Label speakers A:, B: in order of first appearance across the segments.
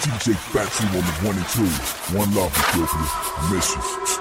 A: DJ Factory on the one and two. One love, Ethiopia.
B: I miss you.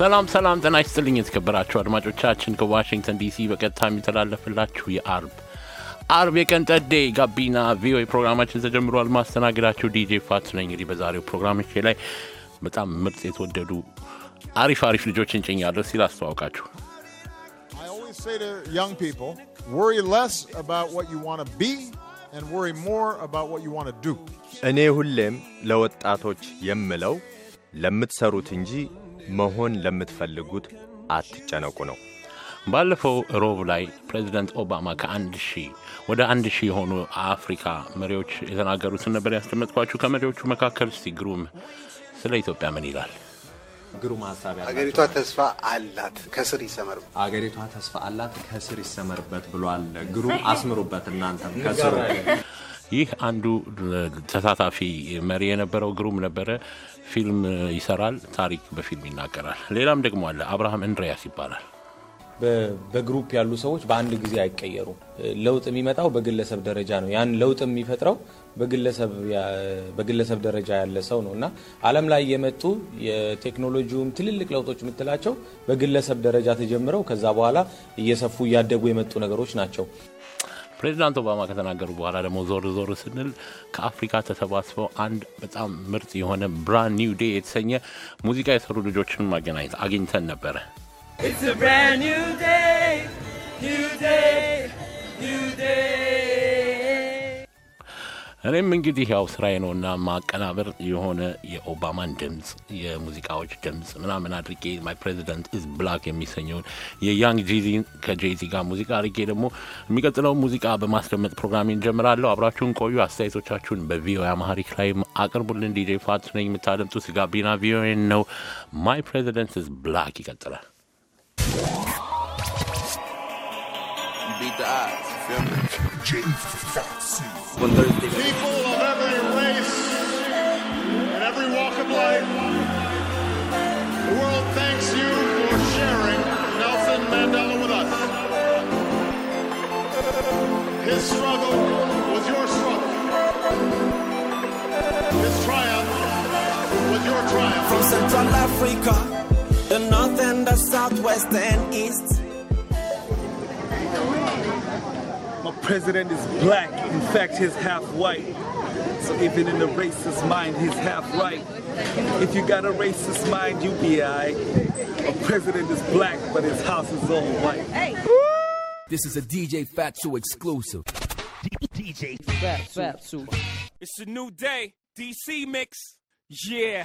C: ሰላም ሰላም፣ ጤና ይስጥልኝ የተከበራችሁ አድማጮቻችን ከዋሽንግተን ዲሲ በቀጥታ የሚተላለፍላችሁ የአርብ አርብ የቀን ጠዴ ጋቢና ቪኦኤ ፕሮግራማችን ተጀምሯል። ማስተናግዳችሁ ዲጄ ፋት ነኝ። እንግዲህ በዛሬው ፕሮግራምቼ ላይ በጣም ምርጥ የተወደዱ አሪፍ አሪፍ ልጆች እንጭኛለሁ ሲል አስተዋውቃችሁ
D: እኔ ሁሌም ለወጣቶች የምለው ለምትሰሩት እንጂ መሆን ለምትፈልጉት
C: አትጨነቁ ነው። ባለፈው ሮብ ላይ ፕሬዚደንት ኦባማ ከአንድ ሺህ ወደ አንድ ሺህ የሆኑ አፍሪካ መሪዎች የተናገሩትን ነበር ያስደመጥኳችሁ። ከመሪዎቹ መካከል እስቲ ግሩም ስለ ኢትዮጵያ ምን ይላል?
E: ግሩም ሀሳብ አገሪቷ ተስፋ አላት ከስር ይሰመርበት፣
C: አገሪቷ ተስፋ አላት ከስር ይሰመርበት ብሏል። ግሩም አስምሩበት እናንተም ከስሩ ይህ አንዱ ተሳታፊ መሪ የነበረው ግሩም ነበረ። ፊልም ይሰራል፣ ታሪክ በፊልም ይናገራል። ሌላም ደግሞ አለ፣ አብርሃም እንድሪያስ ይባላል።
F: በግሩፕ ያሉ ሰዎች በአንድ ጊዜ አይቀየሩም። ለውጥ የሚመጣው በግለሰብ ደረጃ ነው። ያን ለውጥ የሚፈጥረው በግለሰብ ደረጃ ያለ ሰው ነው እና ዓለም ላይ የመጡ የቴክኖሎጂውም ትልልቅ ለውጦች የምትላቸው በግለሰብ ደረጃ
C: ተጀምረው ከዛ በኋላ እየሰፉ እያደጉ የመጡ ነገሮች ናቸው። ፕሬዚዳንት ኦባማ ከተናገሩ በኋላ ደግሞ ዞር ዞር ስንል ከአፍሪካ ተሰባስበው አንድ በጣም ምርጥ የሆነ ብራንድ ኒው ዴ የተሰኘ ሙዚቃ የሰሩ ልጆችን ማገናኘት አግኝተን ነበረ። እኔም እንግዲህ ያው ስራዬ ነውና ማቀናበር የሆነ የኦባማን ድምፅ የሙዚቃዎች ድምፅ ምናምን አድርጌ ማይ ፕሬዚደንት ኢዝ ብላክ የሚሰኘውን የያንግ ጂዚ ከጄዚ ጋር ሙዚቃ አድርጌ ደግሞ የሚቀጥለው ሙዚቃ በማስደመጥ ፕሮግራም እንጀምራለሁ። አብራችሁን ቆዩ። አስተያየቶቻችሁን በቪኦኤ አማሪክ ላይ አቅርቡልን። ዲጄ ፋት ነኝ። የምታደምጡት ጋቢና ቪኦኤ ነው። ማይ ፕሬዚደንት ኢዝ ብላክ ይቀጥላል።
A: DJ
B: Fatsu. People of every race and every walk of life, the world thanks you for sharing Nelson Mandela with us. His struggle was your struggle. His triumph was your triumph.
G: From Central Africa, the north and the southwest and east. My president is
H: black, in fact he's half white. So even in a racist mind, he's half right. If you got a racist mind, you be aight. A president is black, but his house is all white. Hey. This is a DJ Fatso exclusive. DJ Fatso. It's a new day. DC mix. Yeah. yeah.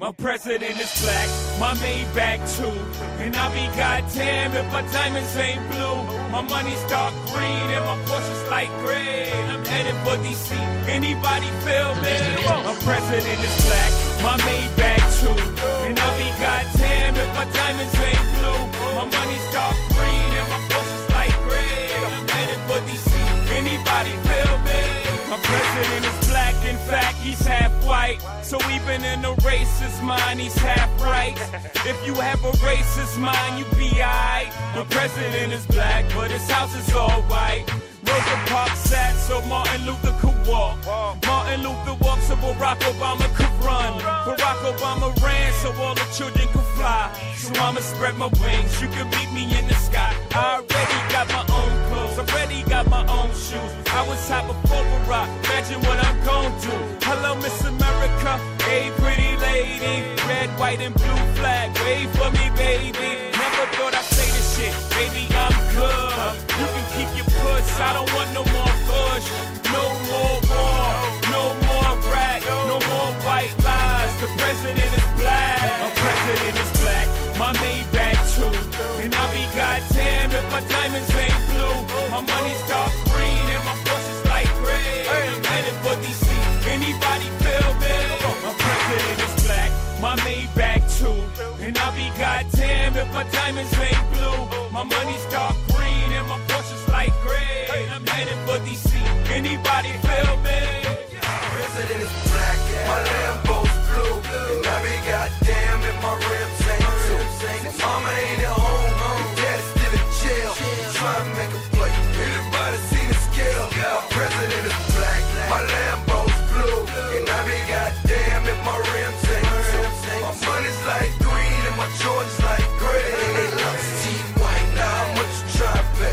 H: My president is black, my Maybach too. And I be goddamn if my diamonds ain't blue. My money's dark green and my Porsche's light gray. I'm headed for DC. Anybody feel me? My president is black, my Maybach too. And I be
B: goddamn if my diamonds ain't blue. My money's dark green and my Porsche's light gray. I'm headed for DC. Anybody
H: feel me? My president fact, he's half white. So even in a racist mind, he's half right. If you have a racist mind, you be alright. The president is black, but his house is all white. Rosa Parks sat so Martin Luther could walk. Martin Luther walked so Barack Obama could run. Barack Obama ran so all the children could fly. So I'ma spread my wings. You can meet me in the sky. I already got my stones. Already got my own shoes. I was top of a rock. Imagine what I'm gon' do. Hello, Miss America. Hey, pretty lady. Red, white, and blue flag. Wave for me, baby. Never thought I'd say this shit. Baby, I'm good. You can keep your puss. I don't want no more push. No more war. No more brat. No more white lies. The president is black. Our president is black. My Maybach too. And I'll be goddamn if my diamonds ain't blue. My money's dark green and my fortune's light red. I'm headed for DC. Anybody feel me? My president is black, my Maybach too. And I'll be goddamn if my diamonds ain't blue. My money's dark green and my fortune's light gray. I'm headed for DC. Anybody feel me? My president is black, my Lambo's blue. And I'll be goddamn if my ribs ain't
A: too. Mama ain't at home, dad's still in jail. Trying to make a president is black, my Lambo's blue, and I be goddamn if my rims ain't blue. My money's like green and my joints like gray. They love Steve White, now I'm what you try to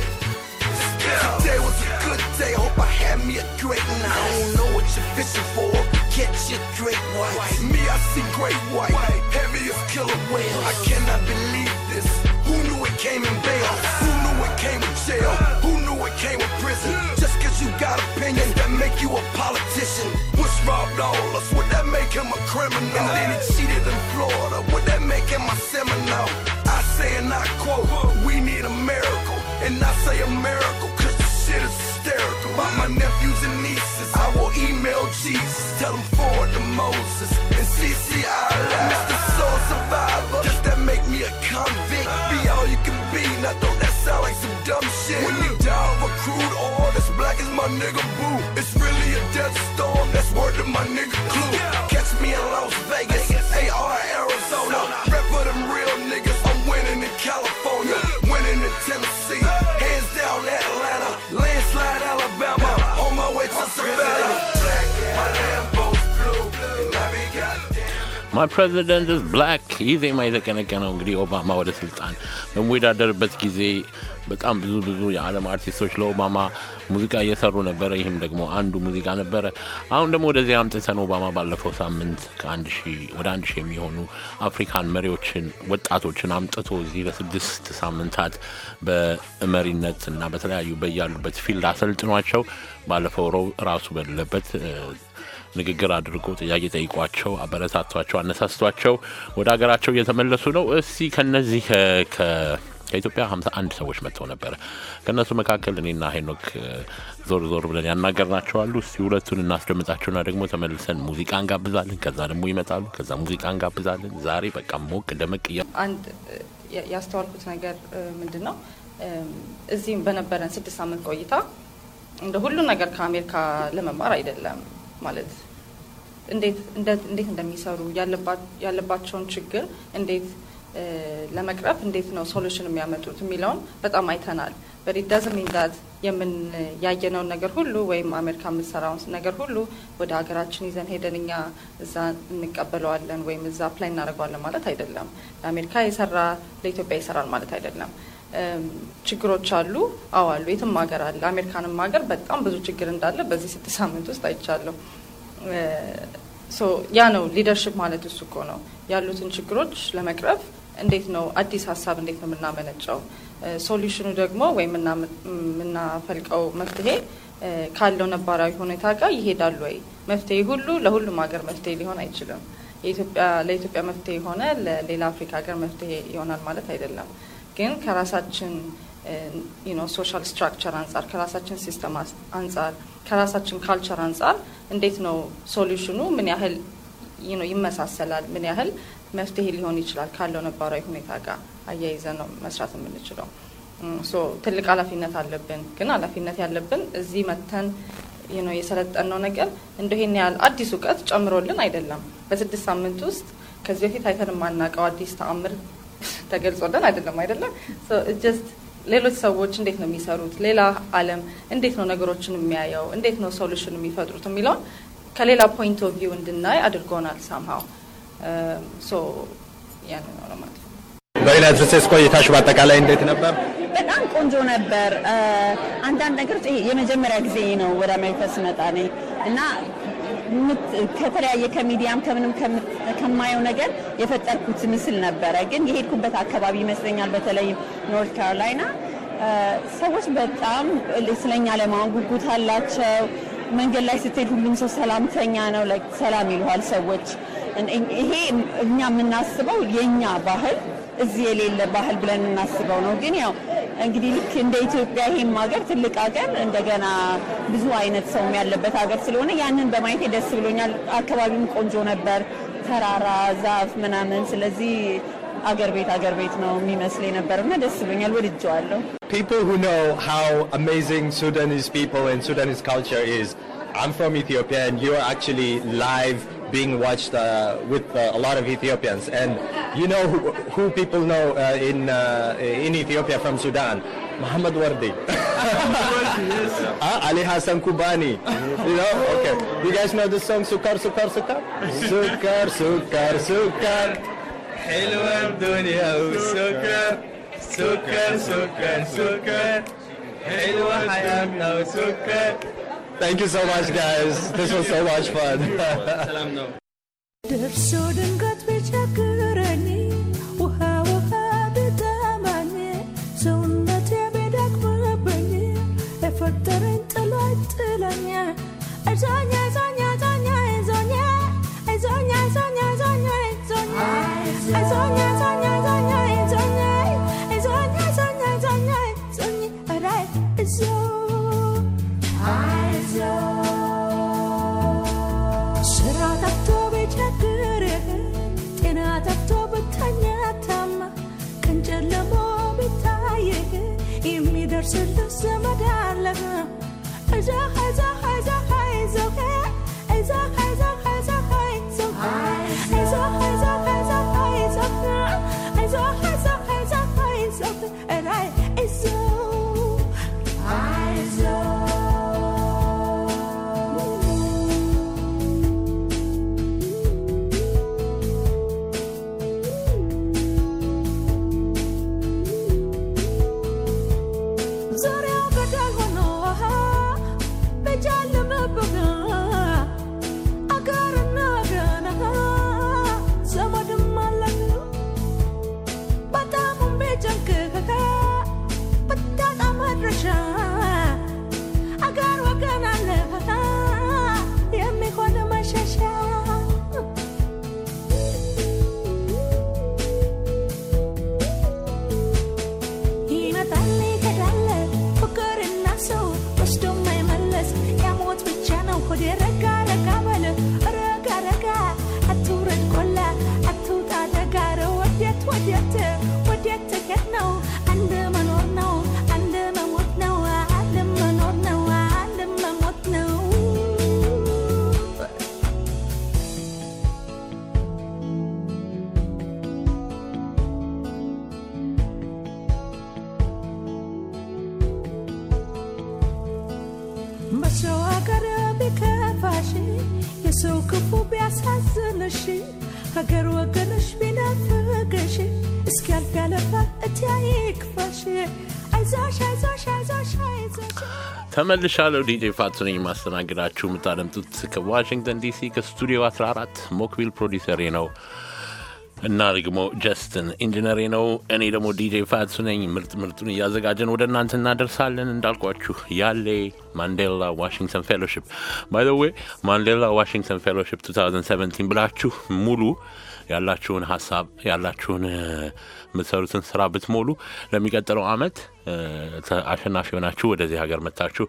A: Today was a good day, hope I had me a great night. I don't know what you're fishing for, catch your great white. Me, I see great white, heavy as killer whale. I cannot believe this. Who knew it came in bail? Who knew it came with jail? Who knew it came with prison? you got opinions that make you a politician. What's all us? Would that make him a criminal? And then he cheated in Florida. Would that make him a Seminole? I say and I quote, we need a miracle. And I say a miracle, cause this shit is hysterical. By my nephews and nieces, I will email Jesus. Tell him forward to Moses. And CCI, Mr. Soul Survivor. Does that make me a convict? Be all you can be. Now don't that sound like some dumb shit? nigga boo. It's really a death storm, that's word to my nigga clue.
C: ማይ ፕሬዚደንት ስ ብላክ ይህ ዜማ የተቀነቀነው እንግዲህ ኦባማ ወደ ስልጣን በሚወዳደርበት ጊዜ በጣም ብዙ ብዙ የዓለም አርቲስቶች ለኦባማ ሙዚቃ እየሰሩ ነበረ። ይህም ደግሞ አንዱ ሙዚቃ ነበረ። አሁን ደግሞ ወደዚህ አምጥተን ኦባማ ባለፈው ሳምንት ወደ አንድ ሺህ የሚሆኑ አፍሪካን መሪዎችን ወጣቶችን አምጥቶ እዚህ ለስድስት ሳምንታት በመሪነት እና በተለያዩ በያሉበት ፊልድ አሰልጥኗቸው ባለፈው ራሱ በሌለበት ንግግር አድርጎ ጥያቄ ጠይቋቸው፣ አበረታቷቸው፣ አነሳስቷቸው ወደ ሀገራቸው እየተመለሱ ነው። እስቲ ከነዚህ ከኢትዮጵያ 51 ሰዎች መጥተው ነበረ። ከእነሱ መካከል እኔና ሄኖክ ዞር ዞር ብለን ያናገርናቸው አሉ። እስቲ ሁለቱን እናስደምጣቸውና ደግሞ ተመልሰን ሙዚቃ እንጋብዛለን። ከዛ ደግሞ ይመጣሉ። ከዛ ሙዚቃ እንጋብዛለን። ዛሬ በቃ ሞቅ ደመቅ እያ
I: አንድ ያስተዋልኩት ነገር ምንድን ነው እዚህም በነበረን ስድስት ሳምንት ቆይታ እንደ ሁሉ ነገር ከአሜሪካ ለመማር አይደለም ማለት እንዴት እንደሚሰሩ ያለባቸውን ችግር እንዴት ለመቅረፍ እንዴት ነው ሶሉሽን የሚያመጡት የሚለውን በጣም አይተናል። በዳዝም ዳት የምን ነገር ሁሉ ወይም አሜሪካ የምትሰራውን ነገር ሁሉ ወደ ሀገራችን ይዘን ሄደን እኛ እዛ እንቀበለዋለን ወይም እዛ አፕላይ እናደርገዋለን ማለት አይደለም። ለአሜሪካ የሰራ ለኢትዮጵያ ይሰራል ማለት አይደለም። ችግሮች አሉ። አዎ አሉ። የትም ሀገር አለ። አሜሪካንም ሀገር በጣም ብዙ ችግር እንዳለ በዚህ ስድስት ሳምንት ውስጥ አይቻለሁ። ያ ነው ሊደርሽፕ ማለት እሱ እኮ ነው። ያሉትን ችግሮች ለመቅረፍ እንዴት ነው አዲስ ሀሳብ እንዴት ነው የምናመነጨው? ሶሉሽኑ ደግሞ ወይም የምናፈልቀው መፍትሄ ካለው ነባራዊ ሁኔታ ጋር ይሄዳሉ ወይ? መፍትሄ ሁሉ ለሁሉም ሀገር መፍትሄ ሊሆን አይችልም። ለኢትዮጵያ መፍትሄ የሆነ ለሌላ አፍሪካ ሀገር መፍትሄ ይሆናል ማለት አይደለም። ግን ከራሳችን ሶሻል ስትራክቸር አንጻር ከራሳችን ሲስተም አንጻር ከራሳችን ካልቸር አንጻር እንዴት ነው ሶሉሽኑ ምን ያህል ይመሳሰላል፣ ምን ያህል መፍትሄ ሊሆን ይችላል ካለው ነባራዊ ሁኔታ ጋር አያይዘ ነው መስራት የምንችለው። ትልቅ ኃላፊነት አለብን። ግን ኃላፊነት ያለብን እዚህ መተን የሰለጠነው ነገር እንደው ይሄን ያህል አዲስ እውቀት ጨምሮልን አይደለም። በስድስት ሳምንት ውስጥ ከዚህ በፊት አይተን የማናቀው አዲስ ተአምር ተገልጾልን አይደለም አይደለም። ጀስት ሌሎች ሰዎች እንዴት ነው የሚሰሩት፣ ሌላ አለም እንዴት ነው ነገሮችን የሚያየው፣ እንዴት ነው ሶሉሽን የሚፈጥሩት የሚለውን ከሌላ ፖይንት ኦፍ ቪው እንድናይ አድርጎናል። ሳምሃው um, ያን ነው ለማለት
E: በዩናይትድ ስቴትስ ቆይታሽ በአጠቃላይ እንዴት ነበር?
I: በጣም ቆንጆ ነበር። uh, አንዳንድ ነገሮች የመጀመሪያ ጊዜ ነው ወደ አሜሪካ ስመጣ እና ከተለያየ ከሚዲያም ከምንም ከማየው ነገር የፈጠርኩት ምስል ነበረ። ግን የሄድኩበት አካባቢ ይመስለኛል በተለይም ኖርት ካሮላይና ሰዎች በጣም ስለኛ ለማወቅ ጉጉት አላቸው። መንገድ ላይ ስትሄድ ሁሉም ሰው ሰላምተኛ ነው፣ ሰላም ይለዋል ሰዎች። ይሄ እኛ የምናስበው የኛ ባህል እዚህ የሌለ ባህል ብለን የምናስበው ነው። ግን ያው እንግዲህ ልክ እንደ ኢትዮጵያ ይሄም ሀገር ትልቅ ሀገር እንደገና ብዙ አይነት ሰውም ያለበት ሀገር ስለሆነ ያንን በማየት ደስ ብሎኛል። አካባቢውም ቆንጆ ነበር፣ ተራራ፣ ዛፍ ምናምን። ስለዚህ አገር ቤት አገር ቤት ነው የሚመስል ነበር እና ደስ ብሎኛል፣ ወድጀዋለሁ።
D: People who know how amazing Sudanese people and Sudanese culture is, I'm from Ethiopia and you are actually live being watched uh, with uh, a lot of Ethiopians. And you know who, who people know uh, in, uh, in Ethiopia from Sudan? Muhammad Wardi.
G: yes.
D: Ah, Ali Hassan Kubani. You know? Okay. You guys know the song Sukar, Sukar, Sukar? Sukar, Sukar, Sukar. Hello, Sukar. Sukar, Sukar, Sukar. Hello, I am now Sukar.
F: Thank you so much, guys. This was so much fun.
B: 着。
C: ተመልሻለሁ። ዲጄ ፋቱ ነኝ የማስተናግዳችሁ። የምታደምጡት ከዋሽንግተን ዲሲ ከስቱዲዮ 14 ሞክቪል ፕሮዲሰሬ ነው እና ደግሞ ጀስትን ኢንጂነሬ ነው። እኔ ደግሞ ዲጄ ፋቱ ነኝ። ምርጥ ምርጡን እያዘጋጀን ወደ እናንተ እናደርሳለን። እንዳልኳችሁ ያሌ ማንዴላ ዋሽንግተን ፌሎሺፕ ባይ ዘ ዌይ ማንዴላ ዋሽንግተን ፌሎሺፕ 2017 ብላችሁ ሙሉ ያላችሁን ሀሳብ ያላችሁን የምትሰሩትን ስራ ብትሞሉ ለሚቀጥለው አመት አሸናፊ ሆናችሁ ወደዚህ ሀገር መታችሁ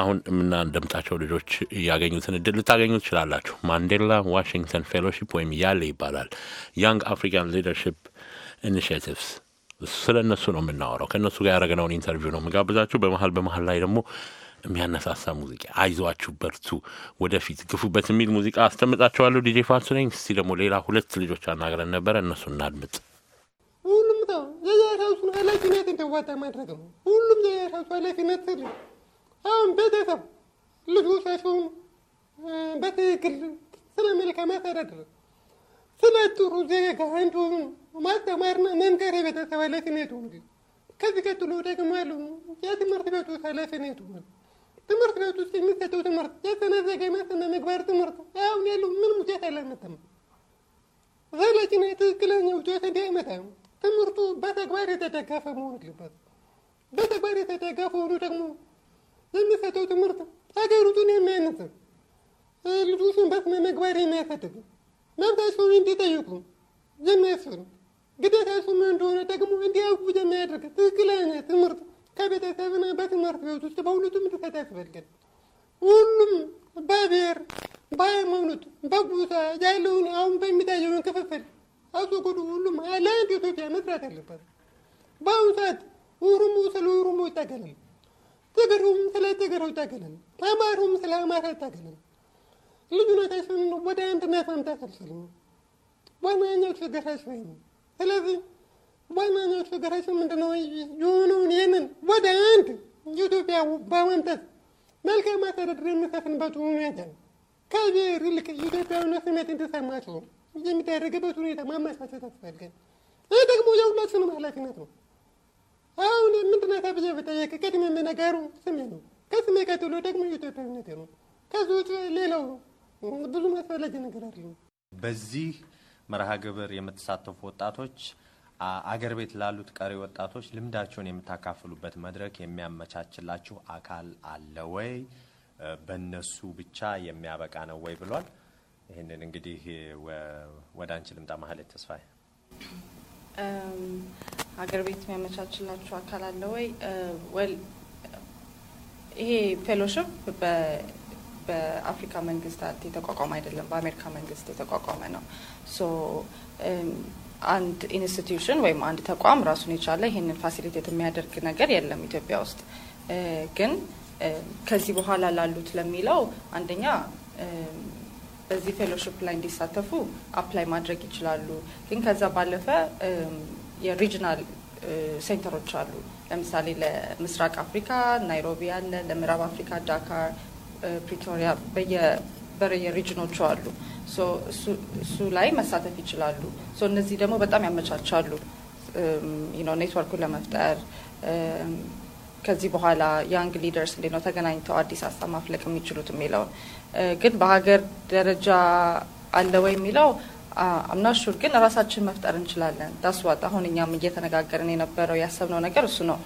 C: አሁን የምናደምጣቸው ልጆች ያገኙትን እድል ልታገኙ ትችላላችሁ። ማንዴላ ዋሽንግተን ፌሎሺፕ ወይም ያሌ ይባላል። ያንግ አፍሪካን ሊደርሽፕ ኢኒሽቲቭስ ስለ እነሱ ነው የምናወራው። ከእነሱ ጋር ያደረግነውን ኢንተርቪው ነው የምጋብዛችሁ። በመሀል በመሀል ላይ ደግሞ የሚያነሳሳ ሙዚቃ አይዟችሁ፣ በርቱ፣ ወደፊት ግፉበት የሚል ሙዚቃ አስደምጣችኋለሁ። ዲጄ ፋቱ ነኝ። እስቲ ደግሞ ሌላ ሁለት ልጆች አናግረን ነበረ፣ እነሱ እናድምጥ።
G: ኃላፊነት እንዲዋጣ ማድረግ ነው። ሁሉም የራሱ ኃላፊነት ስል አሁን ቤተሰብ ልጆቻቸውን በትክክል ስለ መልካም አስተዳደር፣ ስለ ጥሩ ዜጋ እንዲሆኑ ማስተማርና መንገር የቤተሰብ ኃላፊነቱ እንጂ ከዚህ ቀጥሎ ደግሞ ያሉ የትምህርት ቤቶች ኃላፊነቱ ትምህርት ቤት ውስጥ የሚሰጠው ትምህርት የተነዘገ ስነ ምግባር ትምህርት አሁን ያለው ምንም ውጤት አላመጣም። ዘላቂና ትክክለኛ ውጤት እንዲያመጣ ትምህርቱ በተግባር የተደገፈ መሆን አለበት። በተግባር የተደገፈ ሆኖ ደግሞ የሚሰጠው ትምህርት ሀገሪቱን የሚያንጽ ልጆችን በስነ ምግባር የሚያሳድግ መብታቸውን እንዲጠይቁ የሚያስፈሩ ግዴታቸው ምን እንደሆነ ደግሞ እንዲያውቁ የሚያደርግ ትክክለኛ ትምህርት ከቤተሰብና በትምህርት ቤት ውስጥ በሁለቱም እንዲሰጥ ያስፈልጋል። ሁሉም በብሔር በሃይማኖት፣ በጎሳ ያለውን አሁን በሚታየውን ክፍፍል አስወግዱ። ሁሉም ለአንድ ኢትዮጵያ መስራት አለበት በአሁኑ ሰዓት ኦሮሞ ስለ ኦሮሞ ይታገላል፣ ትግሩም ስለ ትግሬው ይታገላል፣ አማራውም ስለ አማራ ይታገላል። ልዩነታችን ወደ አንድነት ማምጣት አልቻልንም። ዋናኛው ችግራችን ነው። ስለዚህ ዋናኛው ችግራችን ምንድነው? የሆነውን ይህንን ወደ አንድ ኢትዮጵያ በማምጣት መልካም አስተዳደር የሚሰፍንበት ሁኔታ ከብሔር ይልቅ ኢትዮጵያዊነት ስሜት እንዲሰማቸው እንደሚታ ሁኔታ ማመቻቸት አስፈልገን ይህ ደግሞ የሁላችንም ኃላፊነት ነው። አሁን ምንድነታ ብዬ በጠየቅ ቅድሜ የምነገሩ ስሜ ነው። ከስሜ ቀጥሎ ደግሞ የኢትዮጵያዊነቴ ነው። ከዚ ውጭ ሌላው ብዙ ማስፈላጊ ነገር አለ።
D: በዚህ መርሃ ግብር የምትሳተፉ ወጣቶች አገር ቤት ላሉት ቀሪ ወጣቶች ልምዳቸውን የምታካፍሉበት መድረክ የሚያመቻችላችሁ አካል አለ ወይ? በእነሱ ብቻ የሚያበቃ ነው ወይ ብሏል። ይህንን እንግዲህ ወደ አንቺ ልምጣ ማህሌት ተስፋ
I: ሀገር ቤት የሚያመቻችላችሁ አካል አለ ወይ? ይሄ ፌሎሽፕ በአፍሪካ መንግስታት የተቋቋመ አይደለም፣ በአሜሪካ መንግስት የተቋቋመ ነው። ሶ አንድ ኢንስቲትዩሽን ወይም አንድ ተቋም ራሱን የቻለ ይህንን ፋሲሊቴት የሚያደርግ ነገር የለም ኢትዮጵያ ውስጥ። ግን ከዚህ በኋላ ላሉት ለሚለው አንደኛ በዚህ ፌሎሽፕ ላይ እንዲሳተፉ አፕላይ ማድረግ ይችላሉ። ግን ከዛ ባለፈ የሪጅናል ሴንተሮች አሉ። ለምሳሌ ለምስራቅ አፍሪካ ናይሮቢ አለ፣ ለምዕራብ አፍሪካ ዳካር፣ ፕሪቶሪያ በየሪጅኖቹ አሉ። እሱ ላይ መሳተፍ ይችላሉ። እነዚህ ደግሞ በጣም ያመቻቻሉ ኔትወርኩን ለመፍጠር ከዚህ በኋላ ያንግ ሊደርስ እንዴት ነው ተገናኝተው አዲስ ሀሳብ ማፍለቅ የሚችሉት የሚለውን ግን በሀገር ደረጃ አለ ወይ የሚለው አምናሹር ግን ራሳችን መፍጠር እንችላለን። ዳስዋት አሁን እኛም እየተነጋገርን የነበረው ያሰብነው ነገር እሱ ነው።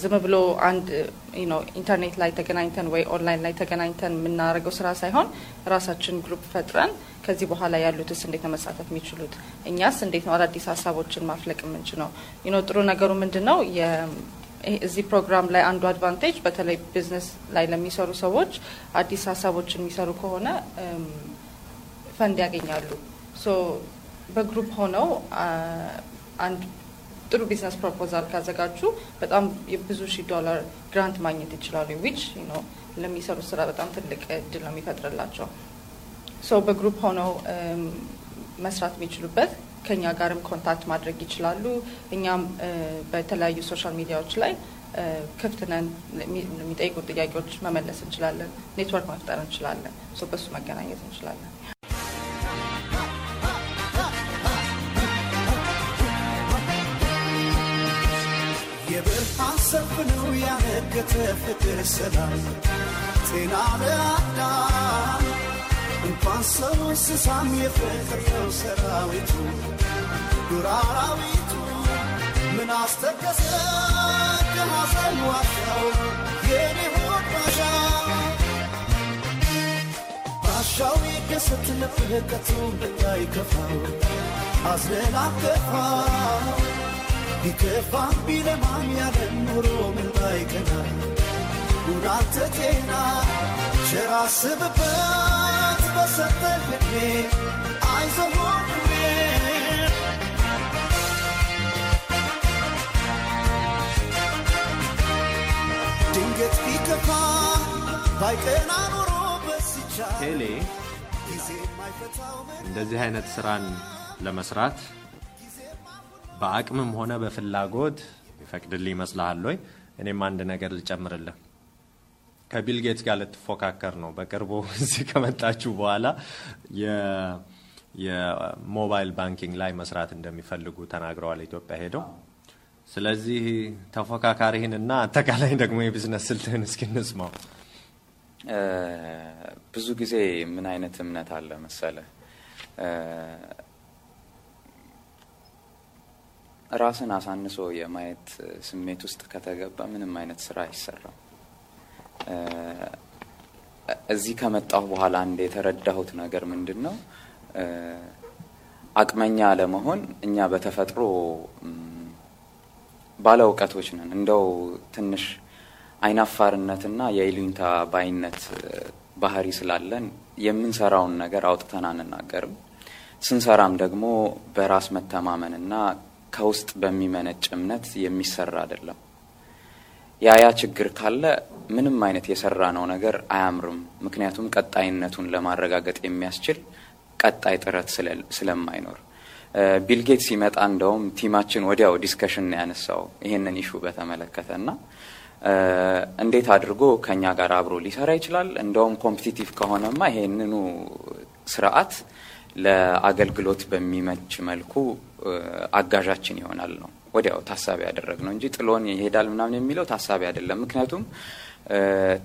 I: ዝም ብሎ አንድ ኢንተርኔት ላይ ተገናኝተን ወይ ኦንላይን ላይ ተገናኝተን የምናደርገው ስራ ሳይሆን ራሳችን ግሩፕ ፈጥረን ከዚህ በኋላ ያሉትስ እንዴት ነው መሳተፍ የሚችሉት? እኛስ እንዴት ነው አዳዲስ ሀሳቦችን ማፍለቅ የምንችለው? ነው ጥሩ ነገሩ ምንድን ነው እዚህ ፕሮግራም ላይ አንዱ አድቫንቴጅ በተለይ ቢዝነስ ላይ ለሚሰሩ ሰዎች አዲስ ሀሳቦች የሚሰሩ ከሆነ ፈንድ ያገኛሉ። ሶ በግሩፕ ሆነው አንድ ጥሩ ቢዝነስ ፕሮፖዛል ካዘጋጁ በጣም የብዙ ሺ ዶላር ግራንት ማግኘት ይችላሉ። ዊች ነው ስራ በጣም ትልቅ እድል ነው የሚፈጥርላቸው። ሶ በግሩፕ ሆነው መስራት የሚችሉበት ከኛ ጋርም ኮንታክት ማድረግ ይችላሉ። እኛም በተለያዩ ሶሻል ሚዲያዎች ላይ ክፍት ነን። የሚጠይቁ ጥያቄዎች መመለስ እንችላለን። ኔትወርክ መፍጠር እንችላለን። በሱ መገናኘት እንችላለን።
A: ሰፍነው ሰፍ ያነገተ ፍቅር ሰላም ጤና
B: ማንሰሮች ስሳም የፍቅር ሰራዊቱ ዱር አራዊቱ ምን አስተከሰ
A: ከሐዘን የኔ ሆድ ባሻ ባሻው ይደሰት ለፍህቀቱ እንዳይከፋው አዝነን አከፋ ቢለማም ያለን ኑሮ ምን ጤና
B: ቸር ቴሌ
D: እንደዚህ አይነት ስራን ለመስራት በአቅምም ሆነ በፍላጎት ይፈቅድልህ ይመስልሃል ወይ? እኔም አንድ ነገር ልጨምርልህ። ከቢል ጌትስ ጋር ልትፎካከር ነው። በቅርቡ እዚህ ከመጣችሁ በኋላ የሞባይል ባንኪንግ ላይ መስራት እንደሚፈልጉ ተናግረዋል ኢትዮጵያ ሄደው። ስለዚህ ተፎካካሪህን እና አጠቃላይ ደግሞ የቢዝነስ ስልትህን እስኪ እንስማው።
J: ብዙ ጊዜ ምን አይነት እምነት አለ መሰለ ራስን አሳንሶ የማየት ስሜት ውስጥ ከተገባ ምንም አይነት ስራ አይሰራም። እዚህ ከመጣሁ በኋላ አንድ የተረዳሁት ነገር ምንድን ነው፣ አቅመኛ ለመሆን እኛ በተፈጥሮ ባለ እውቀቶች ነን። እንደው ትንሽ አይናፋርነትና የይሉኝታ ባይነት ባህሪ ስላለን የምንሰራውን ነገር አውጥተን አንናገርም። ስንሰራም ደግሞ በራስ መተማመንና ከውስጥ በሚመነጭ እምነት የሚሰራ አይደለም። ያ ያ ችግር ካለ ምንም አይነት የሰራ ነው ነገር አያምርም። ምክንያቱም ቀጣይነቱን ለማረጋገጥ የሚያስችል ቀጣይ ጥረት ስለማይኖር ቢልጌት ሲመጣ እንደውም ቲማችን ወዲያው ዲስከሽን ያነሳው ይሄንን ኢሹ በተመለከተ እና እንዴት አድርጎ ከኛ ጋር አብሮ ሊሰራ ይችላል። እንደውም ኮምፒቲቲቭ ከሆነማ ይሄንኑ ስርዓት ለአገልግሎት በሚመች መልኩ አጋዣችን ይሆናል ነው ወዲያው ታሳቢ ያደረግ ነው እንጂ ጥሎን ይሄዳል ምናምን የሚለው ታሳቢ አይደለም። ምክንያቱም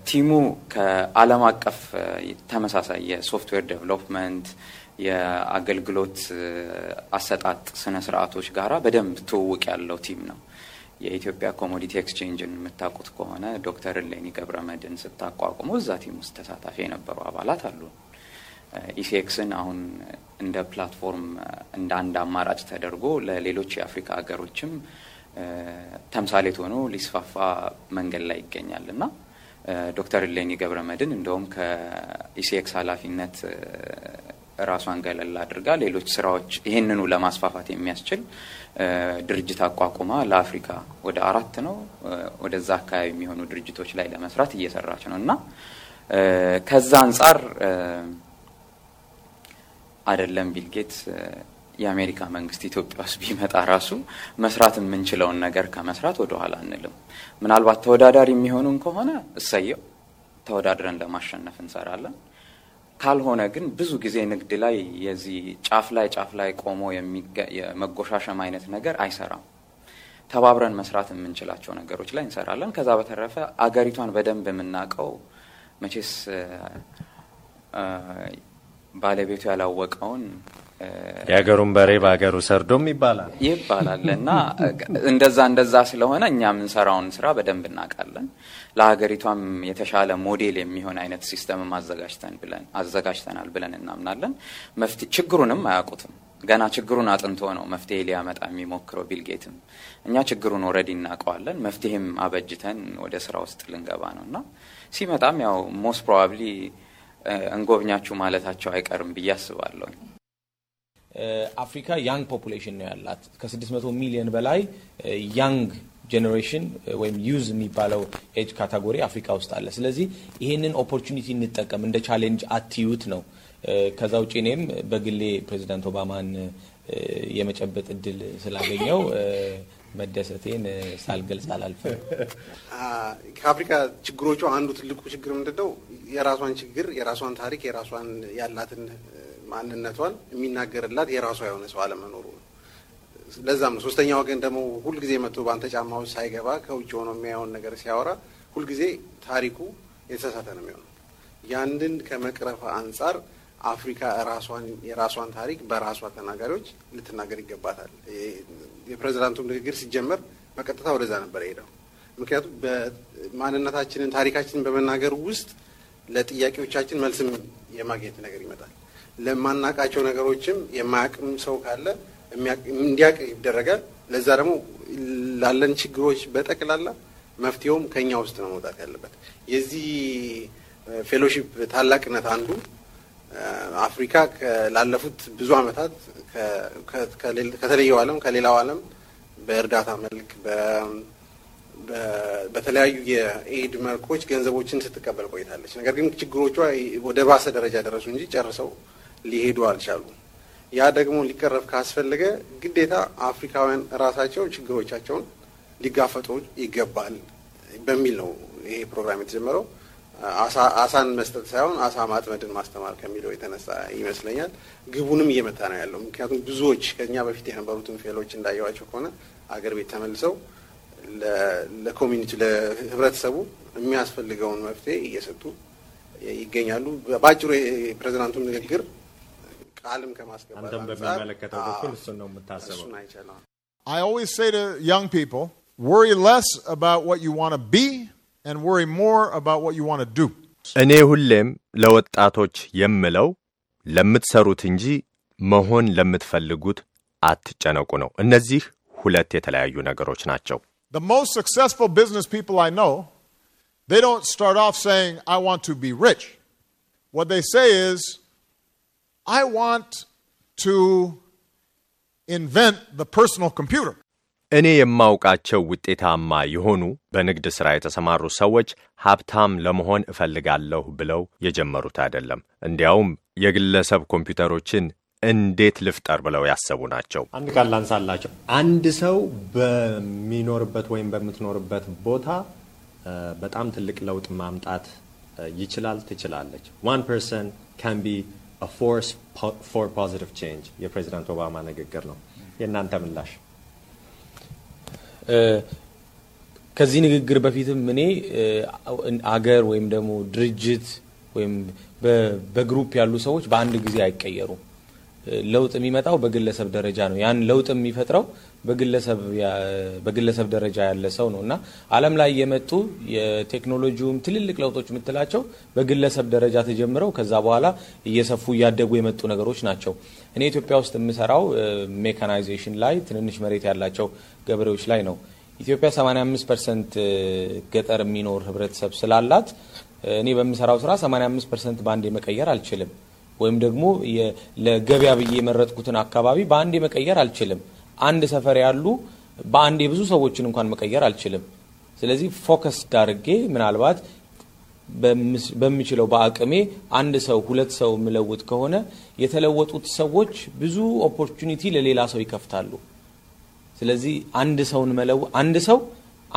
J: ቲሙ ከዓለም አቀፍ ተመሳሳይ የሶፍትዌር ዴቨሎፕመንት የአገልግሎት አሰጣጥ ስነ ስርዓቶች ጋራ በደንብ ትውውቅ ያለው ቲም ነው። የኢትዮጵያ ኮሞዲቲ ኤክስቼንጅን የምታውቁት ከሆነ ዶክተር ለኒ ገብረመድህን ስታቋቁሙ እዛ ቲም ውስጥ ተሳታፊ የነበሩ አባላት አሉ። ኢሴክስን አሁን እንደ ፕላትፎርም እንደ አንድ አማራጭ ተደርጎ ለሌሎች የአፍሪካ ሀገሮችም ተምሳሌት ሆኖ ሊስፋፋ መንገድ ላይ ይገኛል እና ዶክተር ገብረ ገብረመድን እንደውም ከኢሲኤክስ ኃላፊነት ራሷን ገለል አድርጋ ሌሎች ስራዎች ይህንኑ ለማስፋፋት የሚያስችል ድርጅት አቋቁማ ለአፍሪካ ወደ አራት ነው ወደዛ አካባቢ የሚሆኑ ድርጅቶች ላይ ለመስራት እየሰራች ነው እና ከዛ አንጻር አይደለም ቢልጌት የአሜሪካ መንግስት ኢትዮጵያ ውስጥ ቢመጣ ራሱ መስራት የምንችለውን ነገር ከመስራት ወደኋላ አንልም። ምናልባት ተወዳዳሪ የሚሆኑን ከሆነ እሰየው፣ ተወዳድረን ለማሸነፍ እንሰራለን። ካልሆነ ግን ብዙ ጊዜ ንግድ ላይ የዚህ ጫፍ ላይ ጫፍ ላይ ቆሞ የመጎሻሸም አይነት ነገር አይሰራም። ተባብረን መስራት የምንችላቸው ነገሮች ላይ እንሰራለን። ከዛ በተረፈ አገሪቷን በደንብ የምናውቀው መቼስ ባለቤቱ ያላወቀውን
D: የሀገሩን በሬ በሀገሩ ሰርዶም ይባላል
J: ይባላል። እና እንደዛ እንደዛ ስለሆነ እኛ የምንሰራውን ስራ በደንብ እናውቃለን። ለሀገሪቷም የተሻለ ሞዴል የሚሆን አይነት ሲስተምም አዘጋጅተን ብለን አዘጋጅተናል ብለን እናምናለን። መፍት ችግሩንም አያውቁትም። ገና ችግሩን አጥንቶ ነው መፍትሄ ሊያመጣ የሚሞክረው ቢልጌትም። እኛ ችግሩን ኦልሬዲ እናውቀዋለን። መፍትሄም አበጅተን ወደ ስራ ውስጥ ልንገባ ነው እና ሲመጣም ያው ሞስት ፕሮባብሊ እንጎብኛችሁ ማለታቸው አይቀርም ብዬ አስባለሁ።
F: አፍሪካ ያንግ ፖፑሌሽን ነው ያላት። ከ600 ሚሊዮን በላይ ያንግ ጄኔሬሽን ወይም ዩዝ የሚባለው ኤጅ ካታጎሪ አፍሪካ ውስጥ አለ። ስለዚህ ይህንን ኦፖርቹኒቲ እንጠቀም፣ እንደ ቻሌንጅ አትዩት ነው። ከዛ ውጭ እኔም በግሌ ፕሬዚዳንት ኦባማን የመጨበጥ እድል ስላገኘው መደሰቴን ሳልገልጽ አላልፍም።
E: ከአፍሪካ ችግሮቹ አንዱ ትልቁ ችግር ምንድን ነው? የራሷን ችግር የራሷን ታሪክ የራሷን ያላትን ማንነቷን የሚናገርላት የራሷ የሆነ ሰው አለመኖሩ ነው። ለዛም ነው ሶስተኛ ወገን ደግሞ ሁልጊዜ መጥቶ በአንተ ጫማ ውስጥ ሳይገባ ከውጭ ሆኖ የሚያየውን ነገር ሲያወራ ሁልጊዜ ታሪኩ የተሳሳተ ነው የሚሆነው። ያንን ከመቅረፍ አንጻር አፍሪካ የራሷን ታሪክ በራሷ ተናጋሪዎች ልትናገር ይገባታል። የፕሬዚዳንቱም ንግግር ሲጀመር በቀጥታ ወደዛ ነበር ሄደው። ምክንያቱም ማንነታችንን ታሪካችንን በመናገር ውስጥ ለጥያቄዎቻችን መልስም የማግኘት ነገር ይመጣል። ለማናቃቸው ነገሮችም የማያቅም ሰው ካለ እንዲያቅ ይደረጋል። ለዛ ደግሞ ላለን ችግሮች በጠቅላላ መፍትሄውም ከኛ ውስጥ ነው መውጣት ያለበት። የዚህ ፌሎሺፕ ታላቅነት አንዱ አፍሪካ ላለፉት ብዙ ዓመታት ከተለየው ዓለም ከሌላው ዓለም በእርዳታ መልክ በተለያዩ የኤድ መልኮች ገንዘቦችን ስትቀበል ቆይታለች። ነገር ግን ችግሮቿ ወደ ባሰ ደረጃ ደረሱ እንጂ ጨርሰው ሊሄዱ አልቻሉም። ያ ደግሞ ሊቀረፍ ካስፈለገ ግዴታ አፍሪካውያን ራሳቸው ችግሮቻቸውን ሊጋፈጡ ይገባል በሚል ነው ይሄ ፕሮግራም የተጀመረው። አሳን መስጠት ሳይሆን አሳ ማጥመድን ማስተማር ከሚለው የተነሳ ይመስለኛል። ግቡንም እየመታ ነው ያለው። ምክንያቱም ብዙዎች ከኛ በፊት የነበሩትን ፌሎች እንዳየዋቸው ከሆነ አገር ቤት ተመልሰው ለኮሚኒቲ ለህብረተሰቡ የሚያስፈልገውን መፍትሄ እየሰጡ ይገኛሉ። በአጭሩ የፕሬዚዳንቱም ንግግር ቃልም ከማስገባት አንተም
D: በሚመለከተው በኩል እሱን ነው የምታስበው።
B: I always say to young people, worry less about what you want to be and worry more about what you want to do.
D: እኔ ሁሌም ለወጣቶች የምለው ለምትሰሩት እንጂ መሆን ለምትፈልጉት አትጨነቁ ነው። እነዚህ ሁለት የተለያዩ ነገሮች ናቸው።
B: The most successful business people I know, they don't start off saying, I want to be rich. What they say is, I want to invent the personal computer.
D: እኔ የማውቃቸው ውጤታማ የሆኑ በንግድ ሥራ የተሰማሩ ሰዎች ሀብታም ለመሆን እፈልጋለሁ ብለው የጀመሩት አይደለም። እንዲያውም የግለሰብ ኮምፒውተሮችን እንዴት ልፍጠር ብለው ያሰቡ ናቸው። አንድ ቃል ላንሳላቸው። አንድ ሰው በሚኖርበት ወይም በምትኖርበት ቦታ በጣም ትልቅ ለውጥ ማምጣት ይችላል፣ ትችላለች። ዋን ፐርሰን ካን ቢ አ ፎርስ ፎር ፖዚቲቭ ቼንጅ የፕሬዚዳንት ኦባማ ንግግር ነው። የእናንተ ምላሽ?
F: ከዚህ ንግግር በፊትም እኔ አገር ወይም ደግሞ ድርጅት ወይም በግሩፕ ያሉ ሰዎች በአንድ ጊዜ አይቀየሩም። ለውጥ የሚመጣው በግለሰብ ደረጃ ነው። ያን ለውጥ የሚፈጥረው በግለሰብ ደረጃ ያለ ሰው ነው እና ዓለም ላይ የመጡ የቴክኖሎጂውም ትልልቅ ለውጦች የምትላቸው በግለሰብ ደረጃ ተጀምረው ከዛ በኋላ እየሰፉ እያደጉ የመጡ ነገሮች ናቸው። እኔ ኢትዮጵያ ውስጥ የምሰራው ሜካናይዜሽን ላይ ትንንሽ መሬት ያላቸው ገበሬዎች ላይ ነው። ኢትዮጵያ 85 ፐርሰንት ገጠር የሚኖር ህብረተሰብ ስላላት እኔ በምሰራው ስራ 85 ፐርሰንት በአንድ የመቀየር አልችልም። ወይም ደግሞ ለገበያ ብዬ የመረጥኩትን አካባቢ በአንዴ መቀየር አልችልም። አንድ ሰፈር ያሉ በአንዴ ብዙ ሰዎችን እንኳን መቀየር አልችልም። ስለዚህ ፎከስ ዳርጌ ምናልባት በምችለው በአቅሜ አንድ ሰው ሁለት ሰው የምለውጥ ከሆነ የተለወጡት ሰዎች ብዙ ኦፖርቹኒቲ ለሌላ ሰው ይከፍታሉ። ስለዚህ አንድ ሰውን መለው አንድ ሰው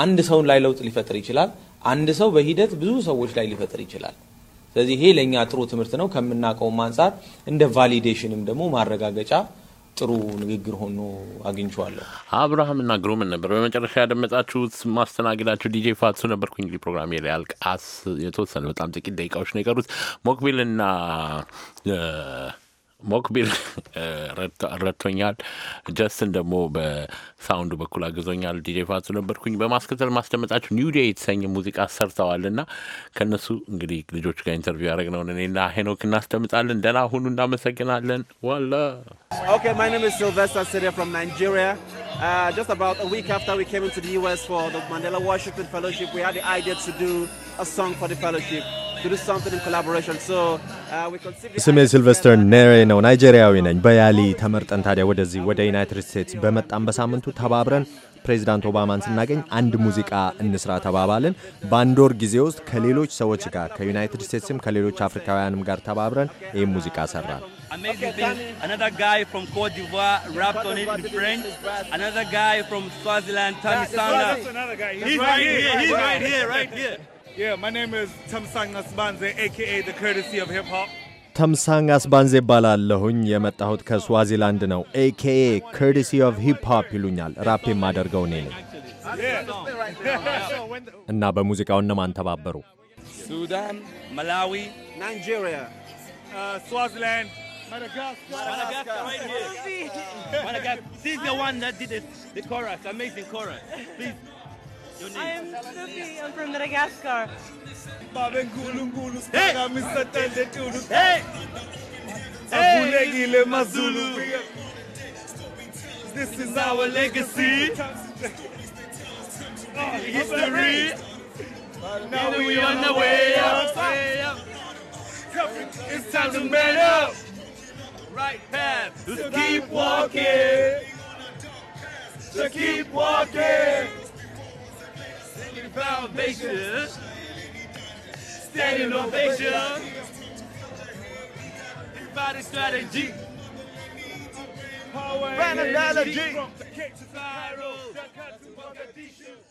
F: አንድ ሰውን ላይ ለውጥ ሊፈጥር ይችላል። አንድ ሰው በሂደት ብዙ ሰዎች ላይ ሊፈጥር ይችላል። ስለዚህ ይሄ ለእኛ ጥሩ ትምህርት ነው ከምናውቀውም አንጻር እንደ ቫሊዴሽንም ደግሞ ማረጋገጫ ጥሩ ንግግር ሆኖ አግኝቸዋለሁ
C: አብርሃም እና ግሩምን ነበር በመጨረሻ ያደመጣችሁት። ማስተናገዳችሁ ዲጄ ፋትሱ ነበርኩ። እንግዲህ ፕሮግራም ላይ አልቃስ የተወሰነ በጣም ጥቂት ደቂቃዎች ነው የቀሩት ሞክቢል ሞክቢልና ሞክቢል ረድቶኛል። ጀስትን ደግሞ በሳውንዱ በኩል አግዞኛል። ዲጄ ፋቱ ነበርኩኝ። በማስከተል ማስደመጣቸው ኒው ዴይ የተሰኘ ሙዚቃ ሰርተዋል እና ከእነሱ እንግዲህ ልጆቹ ጋር ኢንተርቪው ያደረግነውን እኔና ሄኖክ እናስደምጣለን። ደህና ሁኑ። እናመሰግናለን። ዋላ
E: Okay, my name is Sylvester Sede from Nigeria. Uh, just about a week after we came into the US for the Mandela Fellowship, we had the idea to do a song for the fellowship. Uh, ስሜ
D: ሲልቨስተር ኔሬ ነው። ናይጄሪያዊ ነኝ። በያሊ ተመርጠን ታዲያ ወደዚህ ወደ ዩናይትድ ስቴትስ በመጣን በሳምንቱ ተባብረን ፕሬዚዳንት ኦባማን ስናገኝ አንድ ሙዚቃ እንስራ ተባባልን። በአንድ ወር ጊዜ ውስጥ ከሌሎች ሰዎች ጋር ከዩናይትድ ስቴትስም ከሌሎች አፍሪካውያንም ጋር ተባብረን ይህም ሙዚቃ ሰራን።
H: Yeah, my name is Tamsang Asbanze, aka the courtesy of hip hop.
D: ተምሳንግ አስባንዜ እባላለሁኝ። የመጣሁት ከስዋዚላንድ ነው። ኤኬኤ ከርዲሲ ኦፍ ሂፕ ሆፕ ይሉኛል። ራፕ የማደርገው እኔ ነኝ። እና በሙዚቃው እነማን ተባበሩ?
H: ሱዳን፣ መላዊ፣ ናይጄሪያ፣ ስዋዚላንድ Madagascar. This is the one that did the chorus, amazing chorus. Please.
G: I am Sufi, I'm from Madagascar.
A: Hey! Hey! This is our legacy. History.
H: Now we on the way up.
A: Way up.
H: It's time to man up. Right path. Just keep walking. Just keep walking foundation. Standing ovation. Body strategy.
A: Power and energy. From
B: the to